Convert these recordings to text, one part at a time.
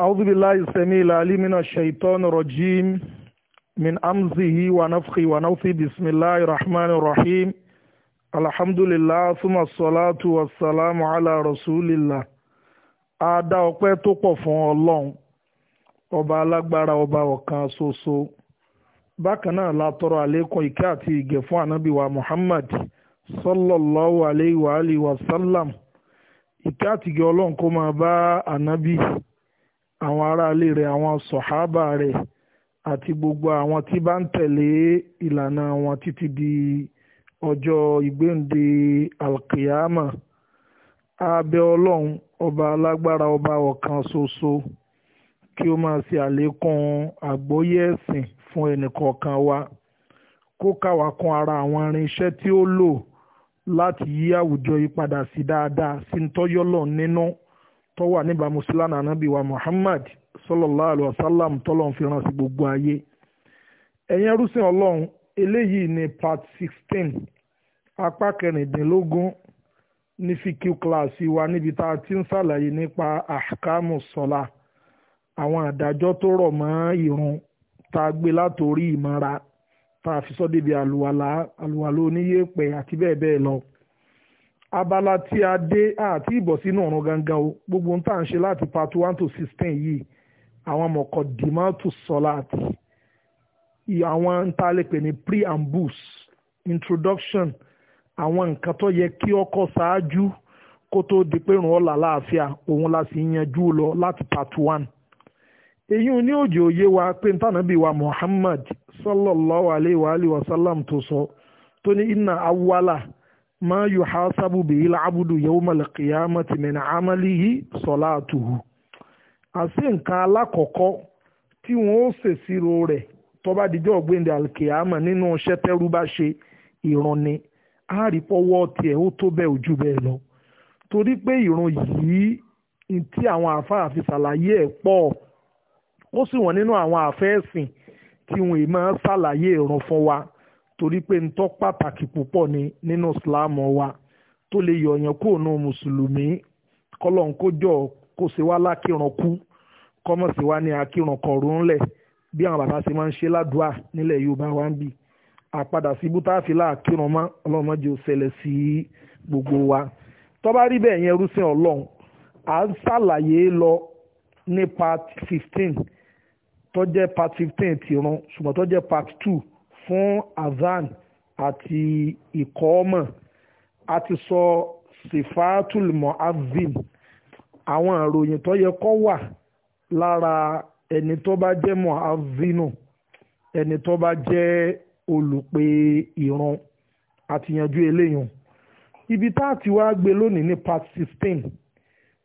أعوذ بالله السميع العليم من الشيطان الرجيم من أمزه ونفخه ونوفي بسم الله الرحمن الرحيم الحمد لله ثم الصلاة والسلام على رسول الله a dá ọpẹ́ tó pọ̀ fún Ọlọ́run ọba alágbára ọba ọ̀kan ṣoṣo bákan náà la tọrọ àlékún ìkẹ́ àti ìgẹ̀ fún ànábì wa Muhammad sallallahu alayhi wa alihi wa sallam ìkẹ́ àti ìgẹ̀ Ọlọ́run kó máa bá ànábì àwọn aráalé rẹ̀ àwọn sọ̀hábà rẹ̀ àti gbogbo àwọn tí bá ń tẹ̀lé ìlànà wọn títí di ọjọ́ ìgbéǹde alkiyama abẹ ọlọ́run ọba alágbára ọba ọ̀kan ṣoṣo kí ó máa ṣe àlékún àgbọ́yé ẹ̀sìn fún ẹnìkọ̀ọ̀kan wa kó káwa kan ara àwọn irinṣẹ́ tí ó lò láti yí àwùjọ yìí padà sí dáadáa sí ń tọ́yọ́ lọ nínú tó wà níbàámu sí lánàá anábì wa Muhammad sallallahu alaihi wa sallam tọ́lọ́n fi ràn sí gbogbo ayé ẹ̀yin ẹrúsìn ọlọ́run eléyìí ni part sixteen apá kẹrìndínlógún ní fíkì kíláàsì wa níbi tá a ti ń ṣàlàyé nípa ahkamu sọlá àwọn àdájọ́ tó rọ̀ mọ́ ìrun tá a gbé látòrí ìmọ̀ra tá a fi sọ débi àlùwàlá àlùwàlá oníyẹ̀pẹ̀ àti bẹ́ẹ̀ bẹ́ẹ̀ lọ. abala tí a dé àti ìbọ̀ sínú ọ̀run gangan o gbogbo ń tà ń ṣe láti part one to sixteen yìí àwọn mọ̀kọ́ dìmọ́tò sọ́láàtì àwọn ń ta lè pè ní preambles introduction àwọn nǹkan tó yẹ kí ọkọ̀ ṣáájú kó tó di pé ràn ọ́ làlàáfíà òun la sì yanjú lọ láti part one èyí ní òjò òye wa pé ntànàbí wa Muhammad sallallahu alayhi wa alihi wa sallam tó sọ tó ní inna awala. ma yuhasabu bihi abudu abdu yawma al-qiyamati mena amalihi salatuhu àṣé nǹkan alákọ̀ọ́kọ́ tí wọ́n ó ṣèṣirò o tó bá re ọ̀gbẹ́ndẹ̀ al nínú n'inu tẹ́rú ba ṣe ìrun ni a rí otu tiẹ̀ ó tó bẹ́ẹ̀ ojú bẹ́ẹ̀ lọ torí pé ìrun yìí tí àwọn àáfàá fi ṣàlàyé ẹ̀ pọ̀ ó sì wọn nínú àwọn àfẹ́ẹ̀sìn tí ì wa torí pé ń tọ́ pàtàkì púpọ̀ ni nínú ìsìláàmù wa tó lè yọ̀yàn kúrò ní mùsùlùmí kọ́lọ́n kójọ kó ṣe wá lákìrán kú kọ́mọ̀ sí wá ní akìrán kọ̀ọ̀rún ńlẹ̀ bí àwọn bàbá ṣe máa ń ṣe ládùúà nílẹ̀ Yorùbá wa ń bì àpadà sí bútáàfì láàkìrán mọ́ ọlọ́mọdé ò ṣẹlẹ̀ sí gbogbo wa tó bá rí bẹ́ẹ̀ yẹn rúṣin Ọlọ́run à ń ṣàlàyé lọ ní part fifteen tó part fifteen tìrun ṣùgbọ́n tó part two fún azan àti ìkọ́ọ̀mọ̀ a ti sọ sifatul mu'azzin àwọn àròyìn tó yẹ kó wà lára ẹni tó bá jẹ́ mu'azzinu ẹni tó bá jẹ́ olùpè ìran àtìyànjú eléyìí ibi tá a ti wá gbé lónìí ní part sixteen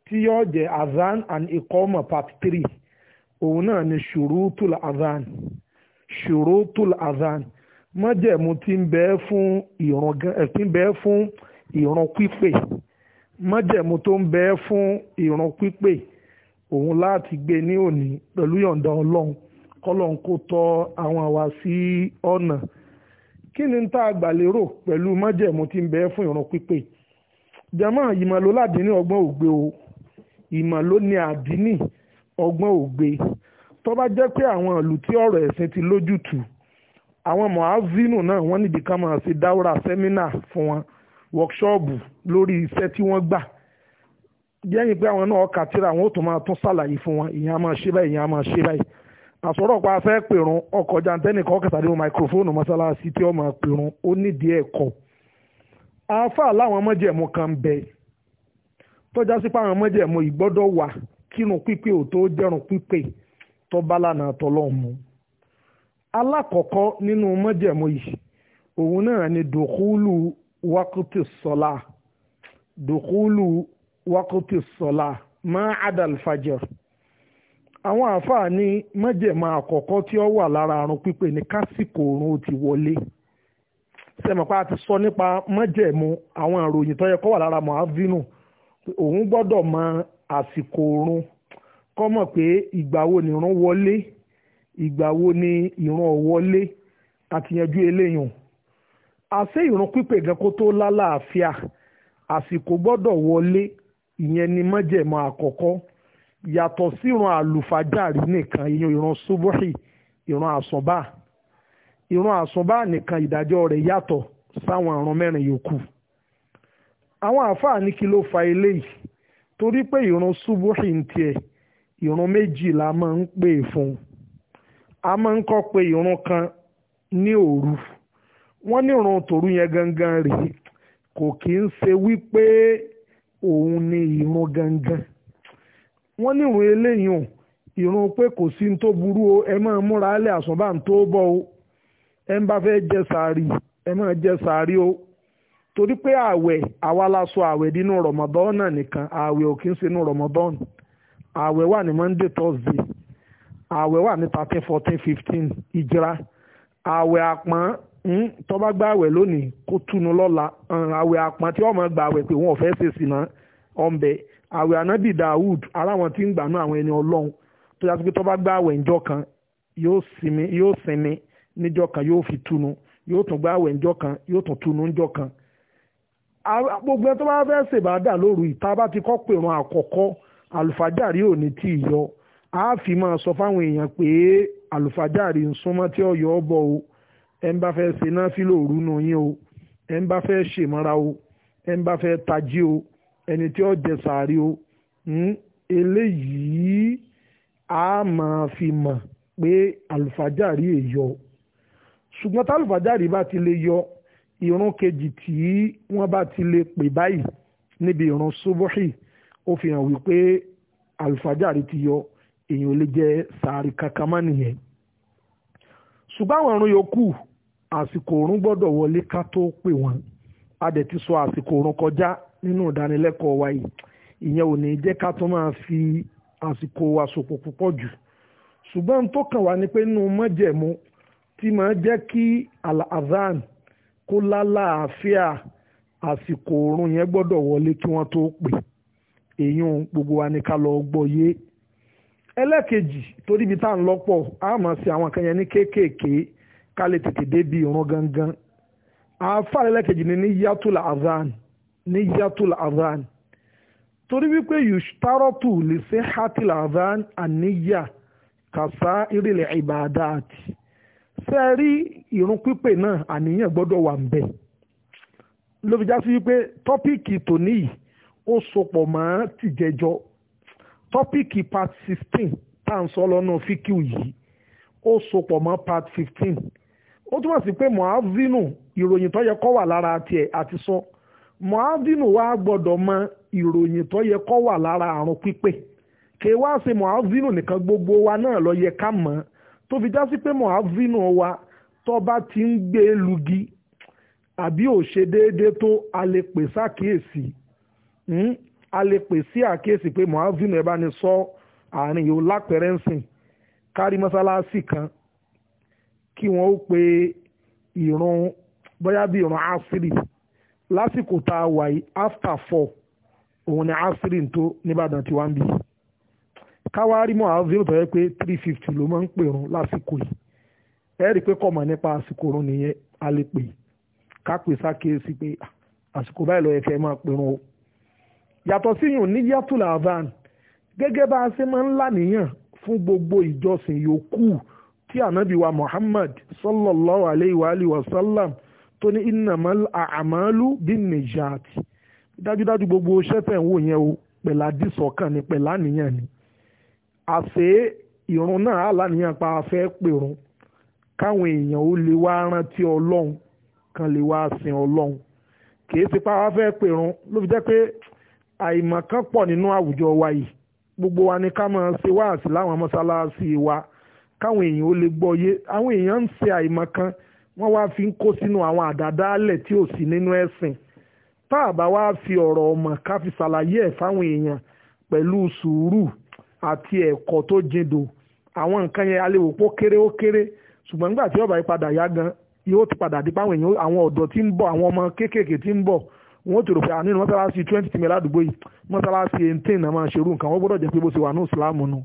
tí yóò jẹ́ azan and ikọ́mọ̀ part three òun náà ni ṣùrùtùl azan ṣurutul azan májẹ̀mú tí ń bẹ fún ìrun eh, tí ń bẹ fún ìrun pípè májẹ̀mú tó ń bẹ fún ìrun pípè òun láti gbé ní òní pẹ̀lú yọ̀ǹda ọlọ́run kọ́lọ́n kó tọ́ àwọn àwa sí ọ̀nà kí ni tá a gbà lérò pẹ̀lú májẹ̀mú tí ń bẹ fún ìrun pípè jama ìmọ̀ ló ládìní ọgbọ́n ògbé o ìmọ̀ ló ní ọgbọ́n ògbé tó bá jẹ́ pé àwọn ìlú tí ọ̀rọ̀ ẹ̀sìn ti lójútùú àwọn mọ̀házínù náà wọ́n níbi ká máa ṣe dáwọ́ra sẹ́mínà fún wọn wọ́kṣọ́ọ̀bù lórí iṣẹ́ tí wọ́n gbà jẹ́yìn pé àwọn náà ọkà tíra àwọn ò tún máa tún ṣàlàyé fún wọn ìyẹn a máa ṣe báyìí ìyẹn a máa ṣe báyìí àsọ̀rọ̀ pa afẹ́ pèrún ọkọ̀ jantẹ́nìkan ọ̀kẹ́sàdínwó máikrófóònù mọ́ṣáláṣí tí ó máa pèrún ó nídìí ẹ̀kọ́ afa láwọn mọ́jẹ̀mú kan ń bẹ tọ́já sí pé àwọn mọ́jẹ̀mú ìgbọ́dọ̀ wà kírun pípé ò tó jẹ́rùn pípé tó bá lánàá tọ́lọ́hún mu alákọ̀ọ́kọ́ nínú mọ́jẹ̀mọ́ yìí òun náà ni dòkúlù wákùtì sọlá dòkúlù wákùtì sọlá má adal fajr àwọn àáfàá ní mọ́jẹ̀mọ́ àkọ́kọ́ tí ó wà lára àrùn pípé ní kásìkò òrùn ó ti wọlé sẹ́mọ̀pá ti sọ nípa mọ́jẹ̀mú àwọn ìròyìn tó yẹ kó wà lára mọ̀ávínù òun gbọ́dọ̀ mọ àsìkò oorun kó mọ̀ pé ìgbà wo ni ìrun wọlé ìgbà wo ni ìrun ò wọlé àti yanjú eléyàn àṣé ìrun pípé gan kó tó lálàáfíà àsìkò gbọ́dọ̀ wọlé ìyẹn ni májẹ̀mọ́ àkọ́kọ́ yàtọ̀ sí ìrun àlùfájàrí nìkan ìyẹn ìrun subuhi ìrun àsùnbà ìrun àsùnbà nìkan ìdájọ́ rẹ̀ yàtọ̀ sáwọn ìrun mẹ́rin yòókù àwọn àáfàá ní kí ló fa eléyìí torí pé ìrun subuhi ń tiẹ̀ ìrun méjì la máa ń pè a máa ń kọ́ pé kan ní òru wọ́n ní ìrun tòru yẹn gangan rèé kò kì í ṣe wípé òun ni ìrun gangan wọ́n ní ìrun eléyìí pe ìrun pé kò sí ní o ẹ máa múra alẹ́ àsùnbà ń tó o ẹ ń bá fẹ́ jẹ sàárì ẹ máa jẹ sàárì o torí pé ààwẹ̀ àwa la sọ ààwẹ̀ nínú rọ̀mọ̀dọ́nà nìkan ò ṣe nínú ààwẹ̀ wà ní monday thursday ààwẹ̀ wà ní thirteen fourteen fifteen ìjìra ààwẹ̀ àpọ́n hmm, tó bá gba ààwẹ̀ lónìí kó túnú lọ́la ààwẹ̀ àpọ́n tí wọ́n máa gba ààwẹ̀ pé wọ́n ò fẹ́ ṣe sí náà ọ̀nbẹ ààwẹ̀ ànábì dawud ara wọn ti ń gbà náà àwọn ẹni ọlọ́run tó yàtọ̀ pé tó bá gba ààwẹ̀ ńjọ́ kan yóò sinmi níjọ́ kan yóò fi túnú yóò tún gba ààwẹ̀ ńjọ́ kan yóò tún túnú ńjọ́ kan gbogbo ẹ tó bá fẹ́ ṣèbádà lóru ìta bá ti kọ́ pèrún àkọ́kọ́ àlùfájàrí ò ní tí ì yọ a fi máa sọ fáwọn èèyàn pé àlùfájàrí ń súnmọ́ tí ọ̀yọ́ bọ̀ o ẹ̀ ń bá fẹ́ ṣe náà fílò òru nù yín o ẹ̀ ń bá fẹ́ ṣèmọ́ra o ẹ̀ ń bá fẹ́ tají o ẹni tí ó jẹ sàárì o hmm? eléyìí a máa fi mọ̀ pé àlùfájàrí è yọ ṣùgbọ́n tálùfájàrí bá ti lè yọ ìrun kejì tí wọ́n bá ti lè pè báyìí níbi ìrun subuhi ó fi hàn wípé àlùfájàrí ti yọ èèyàn ò lè jẹ sàárì kankan mọ́ nìyẹn ṣùgbọ́n àwọn ọ̀run yòókù àsìkò òrùn gbọ́dọ̀ wọlé ká tó pè wọ́n a dẹ̀ ti sọ àsìkò òrùn kọjá nínú ìdánilẹ́kọ̀ọ́ wa yìí ìyẹn ò ní jẹ́ ká tó máa fi àsìkò wa sòpò púpọ̀ jù ṣùgbọ́n tó kàn wá ni pé nínú mọ́jẹ̀mú tí máa jẹ́ kí al-azan kó lálàáfíà àsìkò òrùn yẹn gbọ́dọ̀ wọlé kí wọ́n tó pè é èyàn gbogbo wa ní ká lọ gbọ́ yé ẹlẹ́kejì torí ibi tá à ń lọ́pọ̀ a máa ṣe àwọn kan yẹn ní kéékèèké ká lè tètè débi ìrun gangan àáfàá ẹlẹ́kejì ni ní yatul azan ní yatul azan torí wípé yushtarotu lè ṣe hatil azan àníyà kàṣá ìrìnlẹ̀ ìbàdà àti ṣe rí ìrun pípè náà àníyàn gbọ́dọ̀ wà ń bẹ̀ ló já sí wípé tọ́píìkì tòní ó sopọ̀ mọ́ tìjẹjọ́ tọ́píìkì part sixteen tá à ń sọ lọ́nà fíkìú yìí ó sopọ̀ mọ́ part fifteen ó túmọ̀ sí pé muhazinu ìròyìn tó yẹ kó wà lára tiẹ̀ àti wa gbọ́dọ̀ mọ ìròyìn tó yẹ wà lára àrùn kì gbogbo wa náà ló yẹ ká mọ̀ tó fi já sí pé wa tó bá ti ń gbé lugi àbí ò ṣe déédéé tó a lè pè sákìyèsí Hmm? a lè pè sí àkíyèsí pé mohavim ẹ̀ bá ní sọ àárín yòó lápẹ̀rẹ̀ ń sìn kárí mọ́sálásì kan kí wọ́n ó pe ìrun bóyá bí ìrun asiri lásìkò tá a wà yìí after four òun ni asiri ń tó nìbàdàn tí wọ́n ń bì káwárí mohavim tó yẹ pé three fifty ló máa ń pè run lásìkò yìí ẹ rí i pé kọ̀mọ̀ nípa àsìkò run nìyẹn a lè pè ká pè sákèésí pé ah, àsìkò báyìí lọ́ọ́ yẹ kẹ́ ẹ máa pè o yàtọ̀ síyùn ní yàtúlà avan gẹ́gẹ́ bá a ṣe máa ń lànìyàn fún gbogbo ìjọsìn yòókù tí ànábì wa Muhammad sallallahu alayhi wa alihi wa sallam tó ní innamal a'malu bin nijat dájúdájú gbogbo iṣẹ́ tẹ̀ ń wò yẹn o pẹ̀lá dísọ̀kan ni pẹ̀lá nìyẹn ni àṣé ìrun náà àlàníyàn pa afẹ́ pèrun káwọn èèyàn ó lè wá rántí ọlọ́run kan lè wá sin ọlọ́run kì í ti pa afẹ́ pèrun ló fi jẹ́ pé àìmọ̀kan pọ̀ nínú àwùjọ wa yìí gbogbo wa ni ká máa ṣe wáàsí láwọn mọ́ṣáláṣí wa káwọn èèyàn ó lè gbọ́ yé àwọn èèyàn ń ṣe àìmọ̀kan wọ́n wá fi ń kó sínú àwọn àdàdálẹ̀ tí ò sí nínú ẹ̀sìn tá a bá wá fi ọ̀rọ̀ ọmọ ká fi ṣàlàyé ẹ̀ fáwọn èèyàn pẹ̀lú sùúrù àti ẹ̀kọ́ tó jindò àwọn nǹkan yẹn aléwòpó kéré ó kéré ṣùgbọ́n nígbà tí ọba yìí padà yá gan yóò ti padà dípá àwọn ọ̀dọ́ tí ń bọ̀ àwọn ọmọ kéékèèké tí wọ́n ti rò pé àní mọ́sálásí twenty ti mẹ́lá àdúgbò yìí mọ́sálásí eighteen náà máa ṣerú nǹkan wọ́n gbọ́dọ̀ jẹ́ pé bó ṣe wà ní ìsìlámù nu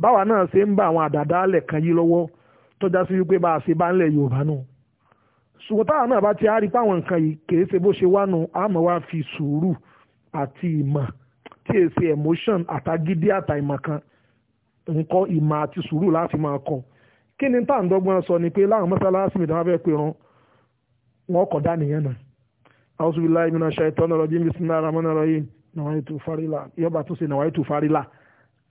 báwa náà ṣe ń bá àwọn àdàdálẹ̀ kan yí lọ́wọ́ tọ́já sí wípé bá a ṣe bá ń lẹ̀ Yorùbá nù ṣùgbọ́n táwa náà bá ti á rí páwọn nǹkan yìí kì í ṣe bó ṣe wá nu àmọ́ wá fi sùúrù àti ìmọ̀ tí è ṣe emotion àtagídí àtà ìmọ̀ kan nǹkan ìmọ̀ àti sùúrù láti máa kọ́ kí ni táà ń dọ́gbọ́n sọ ni pé láwọn wọn kọ̀ dá nìyẹn náà auzu billahi mina shaitan rajim bisimilahi rahman rahim nàwáyé tó farila tu tó ṣe tu tó farila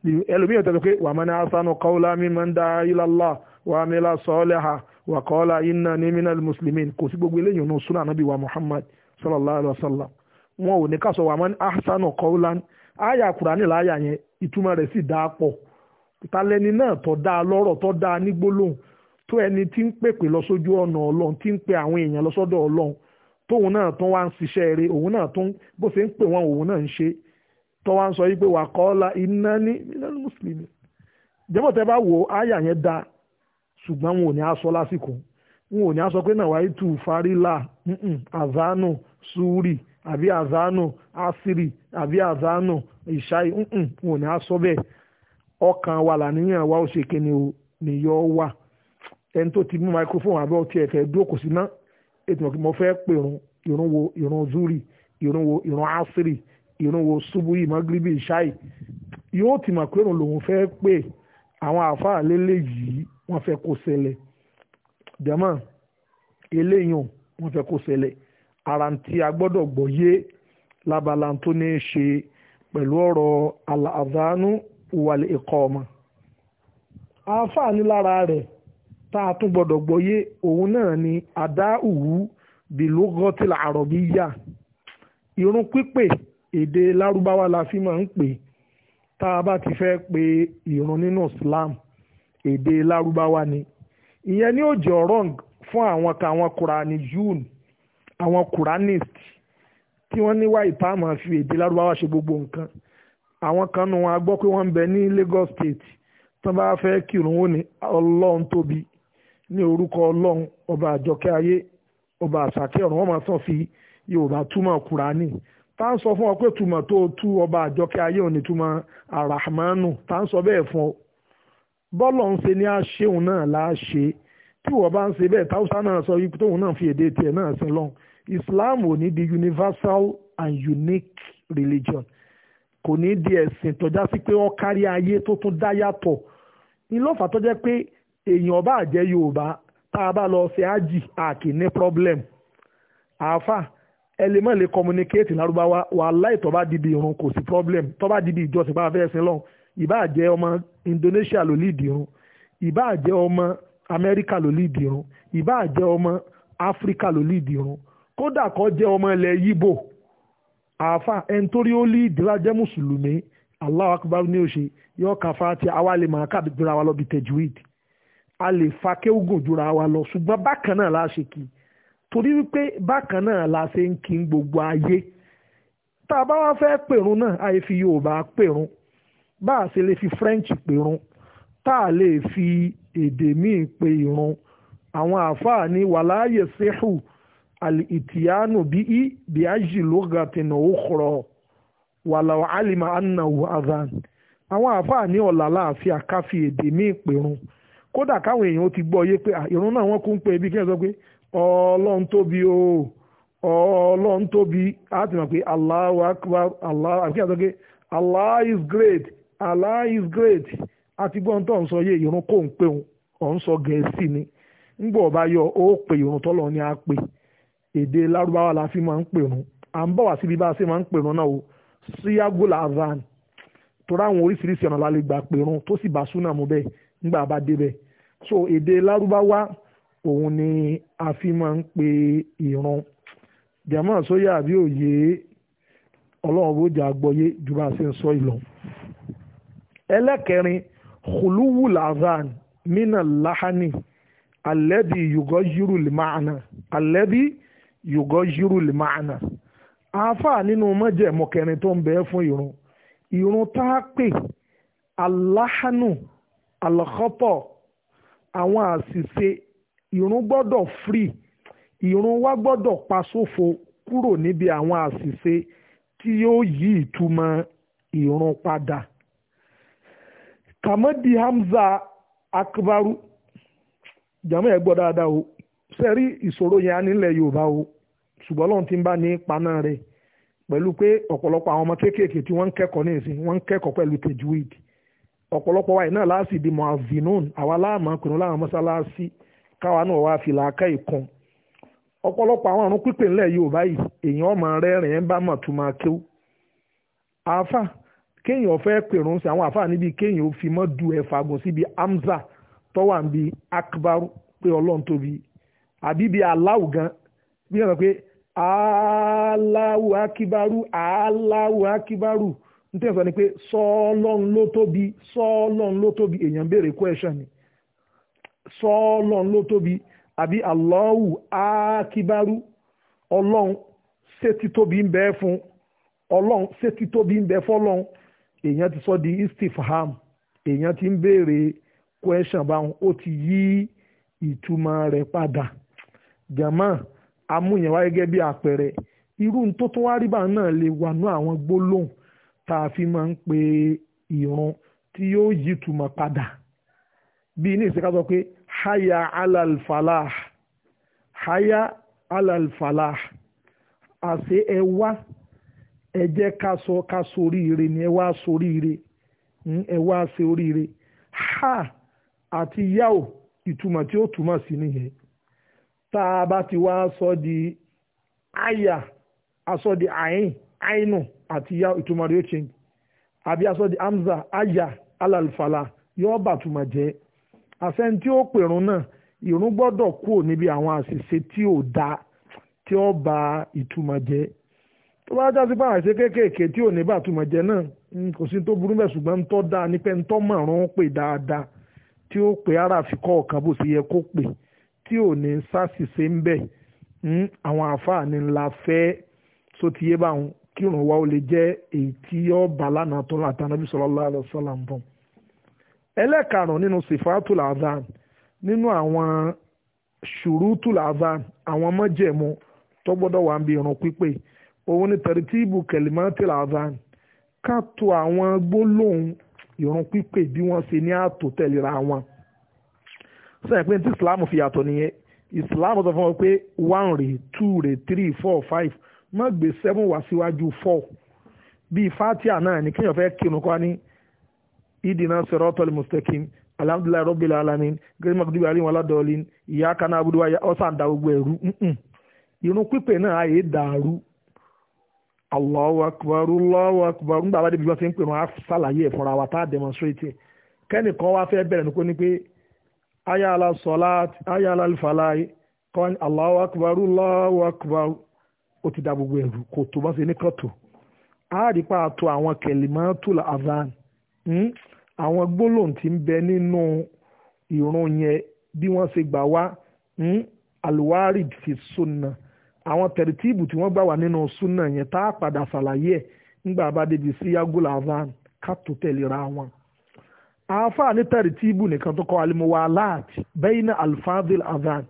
ẹlòmíràn tẹ̀lé pé wà á mẹ́ni asanu kawla mi máa ń da ilallah wa á mẹ́la sọ́ọ́lẹ́ha wà kọ́ọ́lá iná ní minal muslimin kò sí gbogbo eléyìí nù súnà nàbí wa muhammad sallallahu alayhi wa sallam wọn ò ní ká sọ wà á mẹ́ni asanu kawla àyà kùránì láyà yẹn ìtumọ̀ rẹ̀ sì dáa pọ̀ talẹ́ni náà tó dáa lọ́rọ̀ tó dáa ní gbólóhùn tó ẹni tí ń pèpè lọ sójú ọ̀nà ọlọ́run tí pe àwọn èèyàn lọ sọ́dọ̀ tóun náà tún wá ń ṣiṣẹ́ eré òun náà tún bó ṣe ń pè wọ́n òun náà ń ṣe tó wá ń sọ pé wà kọ́ la iná ní mùsùlùmí jẹ́bọ̀ tẹ́ bá yẹn da ṣùgbọ́n wọn ò ní aṣọ lásìkò wọn ò ní aṣọ pé náà wáyé tù fárílà súrì àbí asiri àbí àzánù ìṣáì wọn ò ní aṣọ bẹ́ẹ̀ ọkàn wa làníyàn wa ó ṣe kíni ti mú microphone àbẹ́ ètò ìmọ̀ kí mo fẹ́ pèrun ìrun wo ìrun zuri ìrun wo ìrun asiri ìrun wo subuhi magribi ṣáì yóò ti mọ̀ pé òun lòun fẹ́ pè àwọn àáfàá lélẹ̀ yìí wọ́n fẹ́ kó ṣẹlẹ̀ jẹ́mọ́ eléyìí wọ́n fẹ́ kó ṣẹlẹ̀ ara tí a gbọ́dọ̀ gbọ́ yé lábala tó ní ṣe pẹ̀lú ọ̀rọ̀ àlàzánú wàlẹ̀ ẹ̀kọ́ ọmọ àáfàá ní lára rẹ̀ tá a tún gbọ́dọ̀ gbọ́yé òun náà ni adáhùwù bìlógọ́tìlà àròbí yá irun pípè èdè lárúbáwá la fi máa ń pè tá a bá ti fẹ́ pe irun nínú Islam èdè lárúbáwá ni ìyẹn ní òjò wrong fún àwọn kan àwọn kùránì june àwọn kùránìst tí wọ́n ní wáyé tá a máa fi èdè lárúbáwá ṣe gbogbo nǹkan àwọn kan nù wọn a gbọ́ pé wọ́n ń bẹ ní Lagos State tó bá fẹ́ kírun ó ní ọlọ́run tóbi ní orúkọ ọlọ́run ọba àjọkẹ́ ayé ọba àṣàkẹ́ ọ̀run wọ́n máa sọ fi yorùbá túmọ̀ kúránì tá à ń sọ fún ọ pé túmọ̀ tó tú ọba àjọkẹ́ ayé òní túmọ̀ àràmánù tá à ń sọ bẹ́ẹ̀ fún ọ bọ́lọ̀ ń ṣe ní àṣeun náà láà tí wọ́n bá ń ṣe bẹ́ẹ̀ táwùsá náà sọ yìí tóun náà fi èdè tiẹ̀ náà sin lọ́n Islam ò ní di universal and unique religion kò ní di ẹ̀sìn tọ́já sí pé ó kárí ayé tó tún dá yàtọ̀ ní lọ́fà tó pé èèyàn bá jẹ́ yorùbá tá a bá lọ ṣe ájì àkì ní problem àáfà ẹ lè communicate lárúbáwá wàhálà ìtọ́ bá di bí irun kò sí problem tọ́ bá di bí ìjọsìn bá fẹ́ sin lọ́hùn ìbá jẹ́ ọmọ Indonesia ló lead irun ìbá jẹ́ ọmọ America ló lead irun ìbá jẹ́ ọmọ Africa ló lead irun kódà kó jẹ́ ọmọ ilẹ̀ yíbò àáfà ẹni torí ó lead rájẹ́ mùsùlùmí Allahu Akbar ní òṣè yọ kàfà àti awálè màákà gbéra wa lọ bí tẹ̀júwìdì a lè fa kéwùgùn jura wa lọ ṣùgbọ́n bákan náà la ṣe kí torí wípé bákan náà la ṣe ń kí gbogbo ayé tá a bá wá fẹ́ pèrun náà àyè fi Yorùbá pèrun bá a ṣe lè fi French pèrun tá a lè fi èdè míì pe ìrun àwọn àáfàá ní wàláyé sehu al-itiyanu bíi bíi ajilogatina okoro wàláwà alima annahu azan àwọn àáfàá ní ọ̀làláàfíà káfí èdè míì pèrun. kódà káwọn èèyàn ti gbọ́ yé pé ìrun náà wọ́n kún ń pè é bí kí wọ́n sọ pé ọlọ́run tóbi o ọlọ́run tóbi ti mọ̀ pé Akbar Allah is great Allah is great gbọ́n tó ń sọ yé kò ń pè ọ̀ sọ gẹ̀ẹ́sì ni yọ ó pè ni a èdè lárúbáwá la fi ń pè à ń bọ̀ wá síbi bá a ń pè náà o van torí so èdè lárúbáwá òun ni a fi máa ń pe ìran jàmáà sóyà àbí òye ọlọ́run bó jẹ́ àgbọ́yé ju bá a ṣe ń sọ ìlọ. ẹlẹ́kẹrin khuluwu lazan mina lahani alẹ́bí yugọ́ yúrù lìmáàna alẹ́bí yugọ́ yúrù lìmáàna. àáfàá nínú mọ́jẹ̀mú kẹrin tó ń bẹ fún ìrun ìrun tá a pè aláhánù alọ́kọ́tọ̀ àwọn àṣìṣe ìrun gbọ́dọ̀ free ìrun wa gbọ́dọ̀ pa sófo kúrò níbi àwọn àṣìṣe tí yóò yí ìtumọ̀ padà. kàmọ́dì Hamza Akbaru jàmọ́ ẹ̀ gbọ́ dáadáa o sẹ́rí ìṣòro yẹn á nílẹ̀ Yorùbá o ṣùgbọ́n ti ń bá ní paná rẹ̀ pẹ̀lú pé ọ̀pọ̀lọpọ̀ àwọn ọmọ kéékèèké tí wọ́n ń ọ̀pọ̀lọpọ̀ wa iná láàsì di muazinun àwa láàmú pinnu láwọn mọ́sálásí káwa náà wá fi làákà ìkan ọ̀pọ̀lọpọ̀ àwọn àrùn pípé ńlẹ̀ Yorùbá yìí èèyàn ọmọ rẹ́rìn ẹ̀ ń bá mọ̀ tó máa kéwú àáfà kéèyàn fẹ́ pèrún sí àwọn àáfà níbi kéèyàn ó fi mọ́ du ẹ̀fà gùn síbi Hamza tó níbi akbaru pé Ọlọ́run tóbi àbí bíi aláwù gan bí wọ́n sọ pé aláwù akíbarú aláwù akíbarú nítorí sọ ni pé sọ́ọ́lọ́n ló tóbi sọ́ọ́lọ́n ló tóbi èèyàn béèrè question ni sọ́ọ́lọ́n ló tóbi àbí Allahu akíbárú ọlọ́run sétí tóbi ń bẹ fún ọlọ́run sétí tóbi ń bẹ fọ́lọ́run èèyàn ti sọ di istifham èèyàn ti ń béèrè question báwọn ó ti yí ìtumọ̀ rẹ̀ padà jama amúyẹ̀wá gẹ́gẹ́ bí àpẹẹrẹ irú tó tún wá rí báwọn náà lè wà ní àwọn gbólóhùn tá a fi máa ń pe ìrun tí yóò yí ìtumọ̀ padà bí ní ìsìnká sọ pé haya alalfalah haya alalfalah àṣẹ ẹ wá ẹ jẹ́ ká sọ ká soríire ni ẹ wá soríire hmm, ẹ wá ṣe oríire ha àti yao ìtumọ̀ tí ó túmọ̀ sí nìyẹn tá a bá ti wá sọ di aya asọ di àyìn àyìnù àti yá ìtumọ̀ rẹ̀ ó change àbí aṣọ di hamza aya alalfala yóò bàtúmọ̀ jẹ́ àṣẹyìn tí ó pèrún náà ìrún gbọ́dọ̀ kúrò níbi àwọn àṣìṣe tí ò dáa tí ó ba ìtumọ̀ jẹ́ tó bá já sí pé àwọn àṣìṣe kéékèèké tí ò ní bàtúmọ̀ jẹ́ náà kò sí tó burú bẹ́ẹ̀ ṣùgbọ́n ń tọ́ dáa ní pé ń tọ́ márùn-ún pè dáadáa tí ó pè ara àfikọ́ ọ̀kan bó ṣe yẹ kó pè tí ò ní sásìṣe ń bẹ̀ àwọn àfáà ni ńlá fẹ́ sótìyé kí irun wa ó lè jẹ́ èyí tí yọ bá lánàá tó láti anábì sallallahu alaihi wasallam bọ̀. ẹlẹ́karùn-ún nínú sifatul adhan nínú àwọn ṣùrùtul adhan àwọn mọ́jẹ̀mú tó gbọ́dọ̀ wà ń bi irun pípé òun ni tartibu kalimatil adhan ká to àwọn gbólóhùn irun pípé bí wọ́n ṣe ní ààtò tẹ̀léra wọn. sẹ́yìn pé ní tí islam fi yàtọ̀ nìyẹn islam sọ fún wọn pé one rè two rè three four five má gbé seven wá síwájú four bíi fatia náà ní kéèyàn fẹ́ kírun kọ́ ní ìdìnnà siratal mustaqim alhamdulilayi rabbil alamin gẹ́gẹ́ mọ́kùdí wàhálì wọn ládọ́ọ̀lì ìyá kaná abudu wáyà ọ̀sán da gbogbo ẹ̀rú irun pípẹ́ náà àyè dàrú allahu akbar allahu akbar nígbà wàá débi ti ń wa tá a demonstrate kẹ́nìkan wá fẹ́ bẹ̀rẹ̀ nípò ní pé ayala sọlá ayala alifalai kọ́ni allahu akbar allahu ó ti da gbogbo ẹ̀rù kò tó bá ṣe ní kọ́tò àárípa àtò àwọn kẹlìmọ́tò avan hmm? àwọn gbólóhùn tí ń bẹ nínú ìrun yẹn bí wọ́n ṣe gbà wá hmm? alùwárì fi sunna àwọn tẹ̀rìtìbù tí wọ́n gbà wá nínú sunna yẹn tá a padà ṣàlàyé ẹ̀ ńgbà bá débi sí yagola avan ká tó tẹ̀léra wọn. àáfàá ní tẹ̀rìtìbù nìkan tó kọ́ alimowalat bayna alfadil avan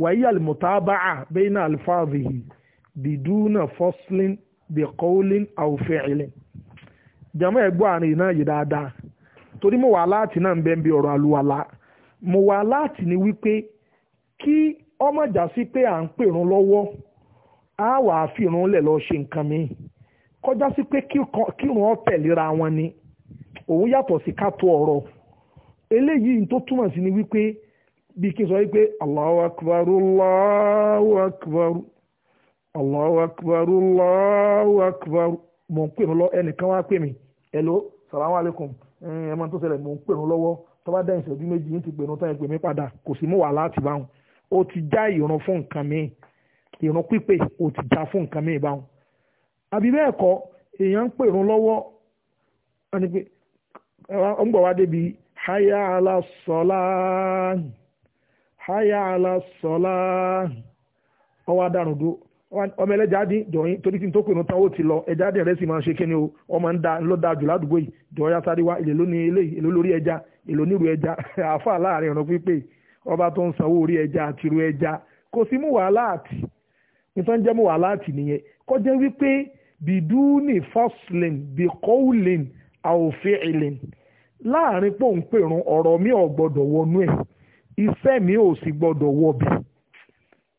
wàyí alimutaba'a bayna alfadhihi. bidúnà fọ́slin bẹ̀kọ́lin àwòfẹ́ẹ̀lẹ̀ jàmọ́ ẹ̀gbọ́n àárín gbaa yìí dáadáa torí mo wà láti náà ń bẹ́ ọ̀rọ̀ aluwala mo wa lati ni wípé kí ọmọ si pé à ń pèrún lọ́wọ́ á wà á fi ìrún lẹ̀ mi kọjá sí pé kírun ọ wọn ni òun yàtọ̀ sí ọ̀rọ̀ eléyìí tó túmọ̀ ni wípé bí kí sọ wípé Allahu akbar Allahu akbar Allahu akbar mò ń pè mí lọ ẹnìkan wá pè mí hello salamu alaykum ẹ máa tó ṣẹlẹ̀ mò ń pè mí lọ́wọ́ dẹ́yìn méjì ti pè mí tán ẹ pè mí padà kò sí láti ó ti já fún nǹkan mi pípé ó ti já fún nǹkan mi àbí bẹ́ẹ̀ kọ́ èèyàn ń ọmọ ẹlẹ́jà dín jọ̀yìn torí tí n tó pè ní tán ó ti lọ ẹja dín rẹ̀ sì máa ṣe kíni o ọmọ ń da ló da jù ládùúgbò yìí jọ̀ọ́ ya sáré wá èlò lónìí eléyìí èlò lórí ẹja èlò nírú ẹja àáfà láàrin ọ̀nà pípé ọba tó ń sanwó orí ẹja àti ru ẹja kò sí mú wàhálà àti nítorí jẹ́ mú wàhálà àti nìyẹn kọjá wípé bìdúùnì fọ́sìlìn bìkọ́ùlìn àòfìlìn láàrin pòǹpẹ̀rún ọ̀rọ̀ mi ò gbọ́dọ̀ wọnú ẹ̀ iṣẹ́ mi ò sì gbọ́dọ̀ wọbẹ̀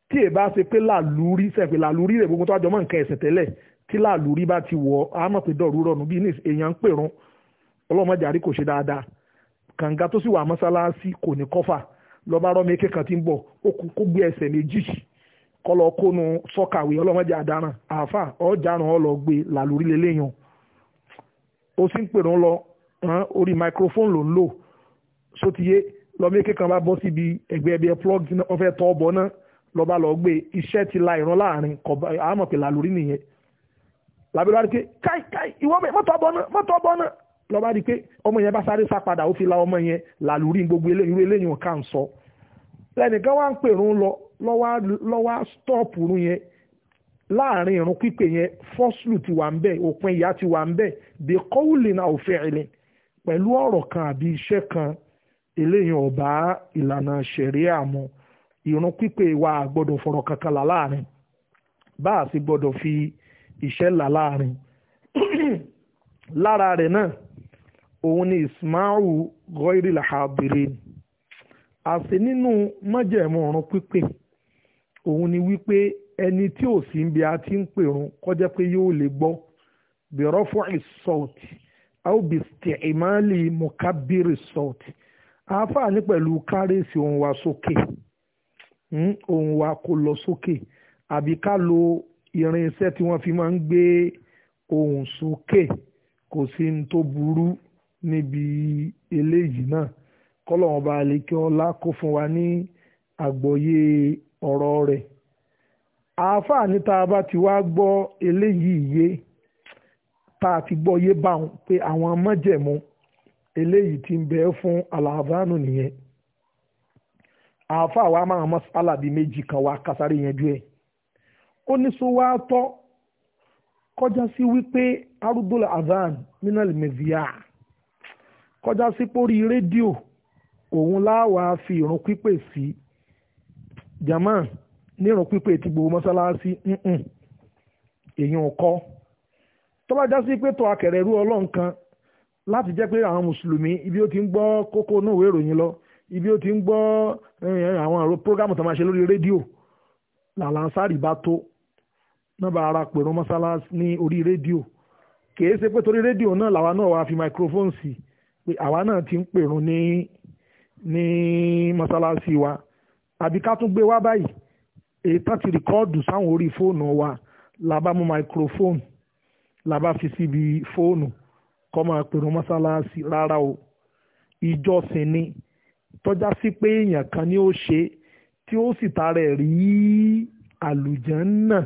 tí èbá ṣe pé làlúrí sẹ̀pẹ̀ làlúrí rẹ̀ gbogbo tó àjọ mọ́ nǹkan ẹ̀sìn tẹ́lẹ̀ tí làlúrí bá ti wọ̀ á mọ̀ pé dọ̀rú rọ̀nù bí ní èèyàn ń pèrún ọlọ́mọdé àrí kò ṣe dáadáa kànga tó sì wà mọ́sálásí kò ní kọ́fà lọ́ba rọ́mi eke kan ti ń bọ̀ ó kú kó gbé ẹsẹ̀ méjì kọ́lọ́ kónú sọ́kàwé ọlọ́mọdé àdáràn àáfà ọ̀jàrún ọlọ́ gbé làlúrí lélẹ́yìn ó sì ń pèrún lọ orí microphone ló ń lò sótìyé lọ́mọ eke bá bọ́ síbi ẹ̀gbẹ́ ẹ̀bí ẹ̀ plug ọ̀fẹ́ tọ́ ọ̀bọ náà lọ́ba lọ gbé iṣẹ́ ti la ìran láàrin àmọ̀ pé làlórí nìyẹn làbílá rí pé káì káì ìwọ bẹ mọ́tò ọbọ náà mọ́tò ọbọ náà lọ́ba rí pé ọmọ yẹn bá sáré sá padà ó fi la ọmọ yẹn làlórí gbogbo eléyìí irú eléyìí wọn kà ń sọ lẹ́nìkan wá ń pè rún lọ lọ́wọ́ stọ́ọ̀pù rún yẹn láàrin irun pípé yẹn fọ́sùlù ti wà ń bẹ̀ òpin ìyá ti wà ń bẹ̀ bí kọ́wùlì náà ò fẹ́ ẹ̀lẹ̀ pẹ̀lú kan àbí iṣẹ́ kan eléyìí ọ̀bá ìlànà ṣẹ̀ríà mu ìrun pípé wa àgbọ́dọ̀ fọ̀rọ̀ kankan là láàrin bá a sì gbọ́dọ̀ fi iṣẹ́ là láàrin lára rẹ̀ náà òun ni ismaru ghoiri lahadirin àṣẹ nínú májẹ̀mú ọ̀run pípé òun ni wípé ẹni tí ò sí bí a ti ń pèrun kọjá pé yóò lè gbọ́ bẹ̀rọ fún ìsọ̀tì àwòbìsìtì ìmáàlì mọ̀kábírì sọ̀tì àáfàá ní pẹ̀lú kárẹ́sì òun wá sókè. So ohùn wa kó lọ sókè àbí ká lo irinṣẹ́ tí wọ́n fi máa ń gbé ohùn sókè kò sí ní tó burú níbi eléyìí náà kọ́lọ́wọ́n bá lè kí ọlá kó fún wa ní àgbọ́yé ọ̀rọ̀ rẹ̀ àáfàá ní tá a bá ti wá gbọ́ eléyìí yé tá a ti gbọ́ yé báwọn pé àwọn mọ́jẹ̀mú eléyìí ti ń bẹ fún àlàáfáànù nìyẹn afọ awa máa mọ dị méjì kan wá kásáré yanjú ẹ̀ ó kọjasi sọ wá tọ́ azan minal mezia kọjasi sí redio rédíò òun láwàá fi ìrun pípè sí jama nírun pípé ti gbogbo mọ́sálásí èèyàn kọ́ ọkọ bá já sí pé tó akẹ̀rẹ̀ rú ọlọ́run kan láti jẹ́ pé àwọn mùsùlùmí ibi ó ti ń gbọ́ kókó náà ìròyìn lọ ibi ó ti ń gbọ́ eh, àwọn àrò prógámù tó máa ṣe lórí rédíò làlànsárì bá tó náà bá ara pèrún mọ́sálásí ní orí rédíò kìí ṣe pé torí rédíò náà làwa náà wàá fi microphone sí pé àwa náà ti ń pèrún ní ní mọ́sálásí wa àbí ká tún gbé wá báyìí èyí tá ti rìkọ́ọ̀dù sáwọn orí fóònù wa làbá mú microphone làbá fi síbi fóònù kọ́ máa pèrún mọ́sálásí rárá o ìjọsìn ni tọ́já sí pé èèyàn kan ni ó ṣe tí ó sì tara ẹ̀ rí àlùjànnà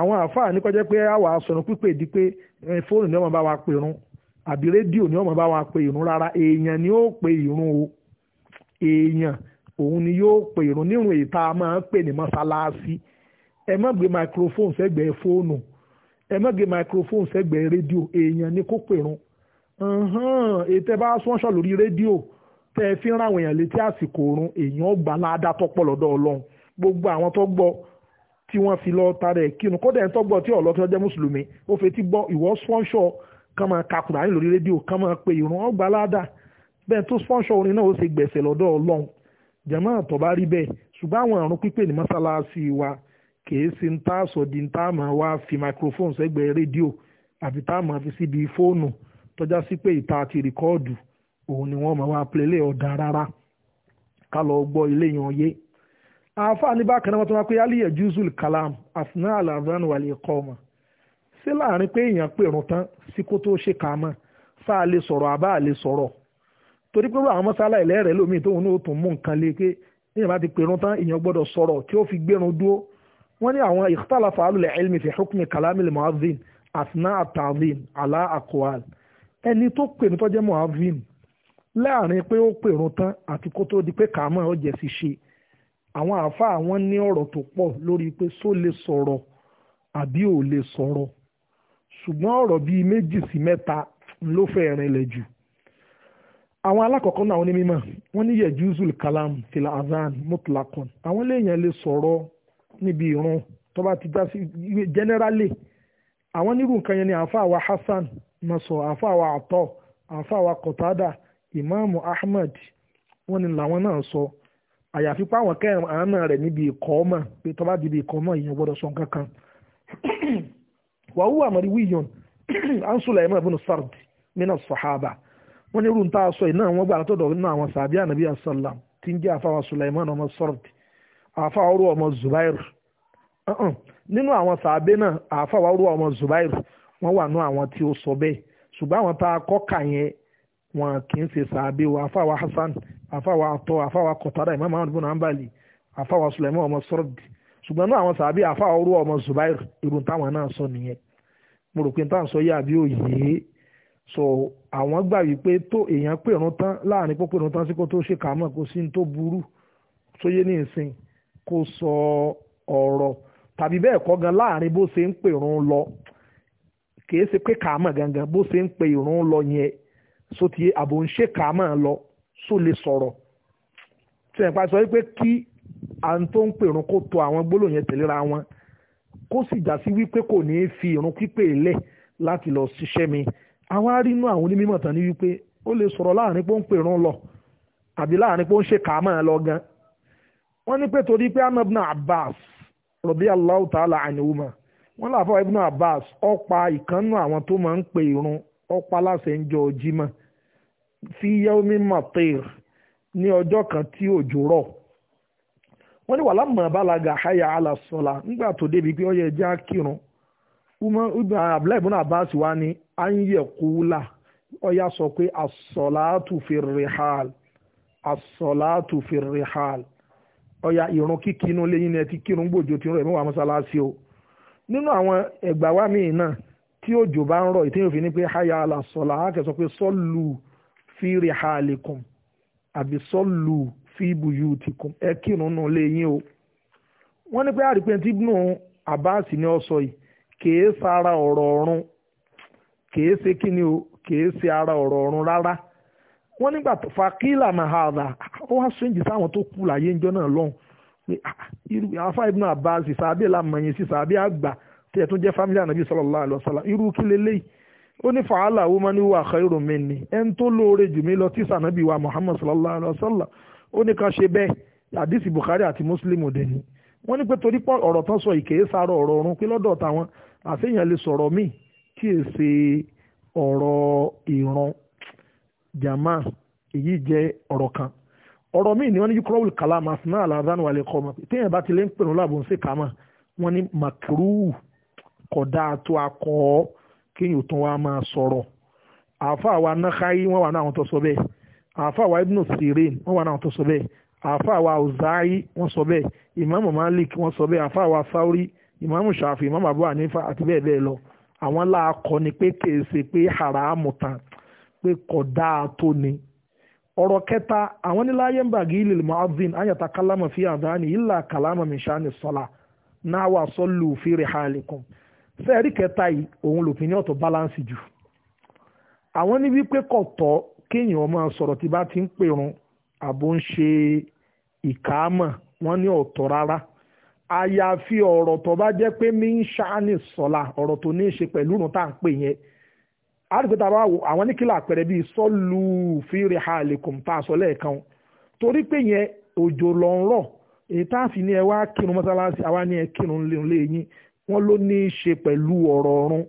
àwọn àáfàá ní kọjá pé àwa sọ̀rọ̀ pípé di pé fóònù ni wọ́n bá wa pe irun àbí rédíò ni wọ́n bá wa pe irun rárá èèyàn ni ó pe irun o èèyàn òun ni yóò pe irun nírun èyí tá a máa ń pè ní mọ́sálásí ẹ má gbé microphone sẹ́gbẹ̀ẹ́ fóònù ẹ má gbé microphone sẹ́gbẹ̀ẹ́ rédíò èèyàn ni kó pe irun ètò ẹ bá sọ́nṣọ́ lórí rédíò tẹ́ ẹ fi ń ráwọn èèyàn létí àsìkò oorun èèyàn gbà láàdá tọ́pọ̀ lọ́dọ̀ ọlọ́run gbogbo àwọn tó gbọ́ tí wọ́n fi lọ tara ẹ̀ kírun kódà ẹ̀ tó gbọ́ tí ọ̀lọ́ tí wọ́n jẹ́ mùsùlùmí ó fetí gbọ́ ìwọ spọ́nṣọ́ kan máa ka Kùránì lórí rédíò kan máa pe ìrun ọgbà láàdá bẹ́ẹ̀ tó spọ́nṣọ́ orin náà ó ṣe gbẹ̀sẹ̀ lọ́dọ̀ ọlọ́run jẹ̀mọ́ àtọ̀ bá rí bẹ́ẹ̀ ṣùgbọ́n àwọn àrùn pípé ní mọ́sálásí wa kìí ṣe ń tá àṣọ di ń tá àmọ́ wa fi microphone sẹ́gbẹ̀ẹ́ rédíò àbí tá àmọ́ fi síbi fóònù tọ́já sí pé ìta àti rìkọ́ọ̀dù òun ni wọ́n máa wá pé ilé ọ̀dà rárá ká lọ gbọ́ ilé yan yé àáfàá ní bákan náà wọ́n tó wá pé aliyu juzul kalam asna alazan wàlẹ̀ ẹ̀kọ́ ọmọ sí láàrin pé èèyàn pèrún tán sí kó tó ṣe kà á mọ́ sáà lè sọ̀rọ̀ àbá lè sọ̀rọ̀ torí pé àwọn mọ́sálà ìlẹ́rẹ̀ lómi tóun náà tún mú nǹkan lé pé èèyàn bá ti pèrún tán èèyàn gbọ́dọ̀ sọ̀rọ̀ tí ó fi gbérun dúró wọ́n ní àwọn ikhtalafa alul ilmi fi hukmi kalamil muazzin asna at-ta'zim ala aqwal ẹni tó pèrún tó jẹ́ muazzin láàrin pé ó pèrun tán àti kó tó di pé kàámọ́ ọ̀jẹ̀ sì ṣe àwọn àáfàá wọn ní ọ̀rọ̀ tó pọ̀ lórí pé só lè sọ̀rọ̀ àbí ò lè sọ̀rọ̀ ṣùgbọ́n ọ̀rọ̀ bíi méjì sí mẹ́ta ló fẹ́ rinlẹ̀ jù àwọn alákọ̀ọ́kọ́ náà àwọn onímọ̀ wọ́n ní yejuzul kalam fil azan mutlakon àwọn léèyàn lè sọ̀rọ̀ níbi ìrun tó bá ti já sí generally àwọn nírú nǹkan yẹn ni àáfàá wa Hasan masọ àáfàá wa àtọ àáfàá wa Qatada ìmáàmù ahmed wọ́n ní làwọn náà sọ àyàfi páwọn kẹrin àánà rẹ̀ níbi ìkọ́ ọmọ pé tó bá dìbò ìkọ́ ọmọ ìyẹn gbọ́dọ̀ sọ nǹkan kan wàhùn àmọ́rí wíyọ̀n ansula imam ibn sard mina sahaba wọ́n ní irun tá a sọ iná wọn gbà látọ̀dọ̀ nínú àwọn sàbí ànàbí asalam tí ń jẹ́ àfáwà sulaiman ọmọ sard àfáwà orú ọmọ zubair nínú àwọn sàbí náà àfáwà orú ọmọ zubair wọ́n wà nú àwọn tí ó sọ bẹ́ẹ̀ ṣùgbọ́n àwọn tá a kọ́ kà yẹn wọn kì í ṣe sàábé wa afáwa hasan afáwa atọ afáwa kọtada imam ahmed bin hanbali afáwa sulaiman ọmọ sọrọdì ṣùgbọ́n náà àwọn sàábé afáwa orú ọmọ zubair irun táwọn náà sọ nìyẹn mo rò pé n táwọn sọ yé àbí òye so àwọn gbà wípé tó èèyàn pèrún tán láàrin pé pèrún tán sí kó tó ṣe kàmọ́ kó sí ní tó burú sóyé ní ìsìn kó sọ ọ̀rọ̀ tàbí bẹ́ẹ̀ kọ́ gan láàrin bó ṣe ń pèrún lọ kì í ṣe pé kàmọ́ gangan bó ṣe ń pe lọ yẹn so ti àbò ń ṣe kà á máa lọ so lè sọ̀rọ̀ tí ẹ̀ pa sọ wípé kí à ń tó ń pèrún kó to àwọn gbólóhùn yẹn tẹ̀léra wọn kó sì já sí wípé kò ní í fi ìrun pípé lẹ̀ láti lọ ṣiṣẹ́ mi àwọn arínú àwọn onímọ̀ tán ní wípé ó lè sọ̀rọ̀ láàrin pé ó ń pèrún lọ àbí láàrin pé ó ń ṣe kà máa lọ gan wọ́n ní pé torí pé anabna Abbas rọ̀bí Allahu ta'ala àníwùmọ̀ wọ́n láàfọ̀ ibn Abbas ó pa ìkànnù àwọn tó máa ń pè ìrun ó láṣẹ ń jọ jímọ̀ fi yaomi matir ní ọjọ́ kan tí òjò rọ̀ wọ́n ní balaga haya ala nígbà tó débi pé ọyẹ ẹja kírun abdullahi ibn abbas wa ni anyekula ọya sọ pé asọ́láàtù fi rihal fi ọya ìrun kíkínú lẹ́yìn náà ti kírun gbòjò tí ń rọ̀ ẹ̀mí wà mọ́sálásí o nínú àwọn ẹ̀gbà míì náà tí òjò bá ń rọ̀ ìtẹ́yìn òfin ni pé pé sọ́lù. fi rihalikum àbí sọ́ọ̀lù fi buyutikum ẹ kírun nù lẹ́yìn o wọ́n ní pé àrípẹ́ tí ibùnú Abbas ni ọ sọ yìí kèé sara oro se kini o ara ọ̀rọ̀ ọ̀run rara wọn nígbà tó fa kílà mahadà ó to sóyìnjì sáwọn tó kú láyé ńjọ́ náà lọ́hùn pé ah, Abbas sallallahu alaihi wasallam ó ní fàálà wo máa ní wà khairu minni ẹni tó lóore jù mí lọ tí sànàbí wa muhammad sallallahu alayhi wa sallam ó ní ká ṣe bẹ́ẹ̀ àdìsí bukhari àti muslim òde ni wọ́n ní pé torí pọ̀ ọ̀rọ̀ tán sọ ìkèé sáró ọ̀rọ̀ ọ̀run pé lọ́dọ̀ táwọn àṣeyàn lè sọ̀rọ̀ míì tí è ṣe ọ̀rọ̀ ìran jama èyí jẹ́ ọ̀rọ̀ kan ọ̀rọ̀ míì ni wọ́n ní yukrawul kalam asuna alazan wa lẹ́kọ́ ọmọ téèyàn bá ti lè ń pè ní láàbò kàmá wọ́n ní makruh kọ̀dá tó akọ kéèyàn tán wá máa sọ̀rọ̀ àáfàá wa náháyí wọ́n wà náà wọn tó sọ bẹ́ẹ̀ àáfàá wa ibnu sirin wọ́n wà náà wọn tó sọ bẹ́ẹ̀ àáfàá wa ọ̀záyí wọ́n sọ bẹ́ẹ̀ ìmáàmù malik wọ́n sọ bẹ́ẹ̀ àáfàá wa sáúrí ìmáàmù ṣàfi ìmáàmù àbúrò ànífà àti bẹ́ẹ̀ bẹ́ẹ̀ lọ àwọn láàkọ́ ni pé kèèṣe pé haramu tán pé kò tó ni ọ̀rọ̀ kẹta àwọn níláyé ń bàgì ilẹ̀ mu'adhin ayàtà kálámà fi àdáni ìlà kálámà mìṣáni sọ́la náà wà sọ́lù fi rihalikum fẹ́ẹ̀rí kẹta yìí òun lòfin ní ọ̀tọ̀ balance jù àwọn ní wípé kọ̀tọ́ kéèyàn ọmọ sọ̀rọ̀ tí bá ti ń pèrun àbò ń ṣe ìkáàmọ̀ wọ́n ní ọ̀tọ̀ rárá àyàfi ọ̀rọ̀ tó bá jẹ́ pé mí ń ṣáánì sọ̀la ọ̀rọ̀ tó ní í ṣe pẹ̀lú ìrun tá à ń pè yẹn àdìgbòtà bá wò àwọn oníkìlà àpẹẹrẹ bíi sọ́ọ̀lù fírí ha àlèkùn tá a sọ lẹ́ẹ̀kan torí pé yẹn òjò lọ èyí tá a sì ní ẹ wá kírun mọ́sálásí àwa ní ẹ kírun lé yín wọ́n ló ní í ṣe pẹ̀lú ọ̀rọ̀ ọ̀run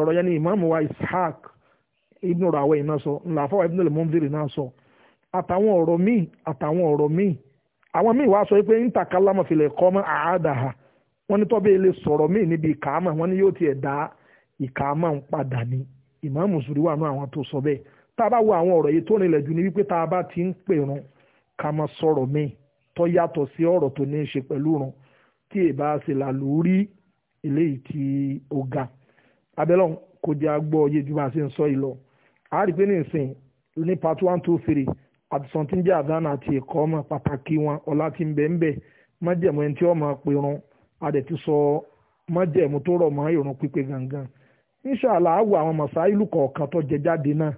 ọ̀rọ̀ yẹn ni ìmáàmù wa ishaq ibn raweh náà sọ ńlá àfọwọ́ ibn al náà sọ àtàwọn ọ̀rọ̀ míì àtàwọn ọ̀rọ̀ míì àwọn míì sọ pé ntàkàlámà fìlẹ̀ kọ́ mọ́ àádáha wọ́n ní ilé sọ̀rọ̀ níbi ìkàámà wọ́n ní yóò tiẹ̀ dá ìkàámà ń padà ní ìmáàmù wà àwọn tó sọ bẹ́ẹ̀ tá a bá wo àwọn ti ń run ká sọ̀rọ̀ míì tó yàtọ̀ sí ní í pẹ̀lú run eléyìí tí ó ga abẹ́lọ́n kò jẹ́ agbọ́ oyè ju bá a ṣe ń sọ yìí lọ a rí i pé ní ìsìn ní part one two ti ń bẹ̀ ń bẹ̀ májẹ̀mú ẹni tí a dẹ̀ ti sọ májẹ̀mú tó rọ̀ mọ́ irun gangan àwọn ìlú kọ̀ọ̀kan tó jẹ jáde náà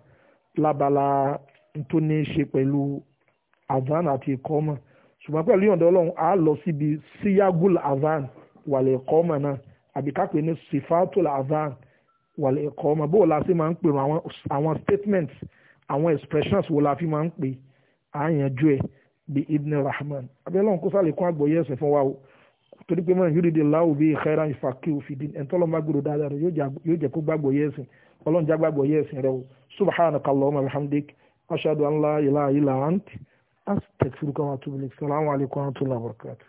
lábala tó ní í ṣe pẹ̀lú àti ẹ̀kọ́ ọmọ ṣùgbọ́n pẹ̀lú ọlọ́run àbí kápẹ́ ní sifatul adhan wàlẹ̀ ẹ̀kọ́ ọmọ bó la sí máa ń pè wọn àwọn statements àwọn expressions wo la fi máa ń pè àyànjú ẹ̀ bí ibn rahman abẹ́lẹ́wọ̀n kó sálẹ̀ kún àgbọ̀yé ẹ̀sẹ̀ fún wa o torí pé mọ́n yúrìdì láwù bíi khairan yufaqihu fi din ẹ̀ńtọ́ lọ́n bá gbòdò dáadáa rẹ̀ yóò jẹ́ kó gbàgbọ̀yé ẹ̀sìn ọlọ́njà gbàgbọ̀yé ẹ̀sìn rẹ̀ o subhanaka allahumma alhamdik ashhadu an la ilaha illa ant astaghfiruka wa atubu ilaik salamu alaykum wa rahmatullahi wa barakatuh.